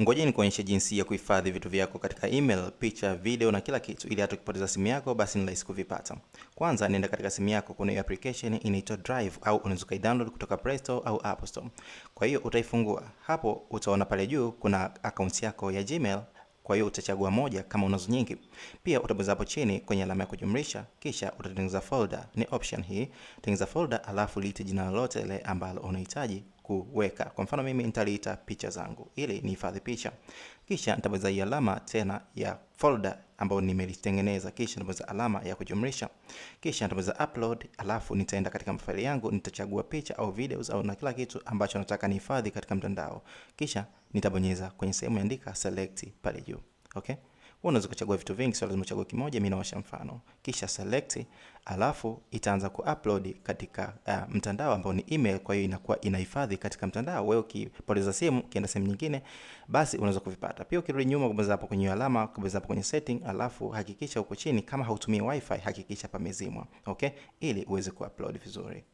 Ngoja nikuonyeshe jinsi ya kuhifadhi vitu vyako katika email, picha, video na kila kitu, ili hata ukipoteza simu yako basi ni rahisi kuvipata. Kwanza nenda katika simu yako, kuna application inaitwa Drive au unaweza kuidownload kutoka Play Store au App Store. Kwa hiyo utaifungua, hapo utaona pale juu kuna account yako ya Gmail. Kwa hiyo utachagua moja kama unazo nyingi. Pia utabonyeza hapo chini kwenye alama ya kujumlisha, kisha utatengeneza folder. Ni option hii, tengeneza folder alafu liite jina lolote ile ambalo unahitaji kuweka. Kwa mfano mimi nitaliita picha zangu, ili nihifadhi picha, kisha nitabonyeza hii alama tena ya folder ambayo nimelitengeneza, kisha nitabonyeza alama ya kujumlisha, kisha nitabonyeza upload, alafu nitaenda katika mafaili yangu, nitachagua picha au videos au na kila kitu ambacho nataka nihifadhi katika mtandao, kisha nitabonyeza kwenye sehemu ya andika select pale juu. Okay? unaweza kuchagua vitu vingi, sio lazima uchague kimoja. Mimi nawasha mfano, kisha select, alafu itaanza kuupload katika uh, mtandao ambao ni email. Kwa hiyo inakuwa inahifadhi katika mtandao. Wewe ukipoteza simu kienda sehemu nyingine, basi unaweza kuvipata pia. Ukirudi nyuma, kubonyeza hapo kwenye alama, kubonyeza hapo kwenye setting, alafu hakikisha uko chini, kama hautumii wifi hakikisha pamezimwa, okay, ili uweze kuupload vizuri.